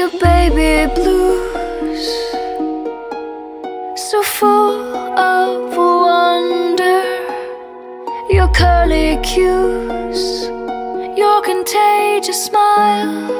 your baby blues So full of wonder Your curly cues Your contagious smile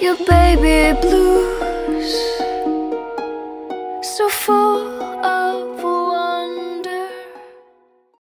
your baby blues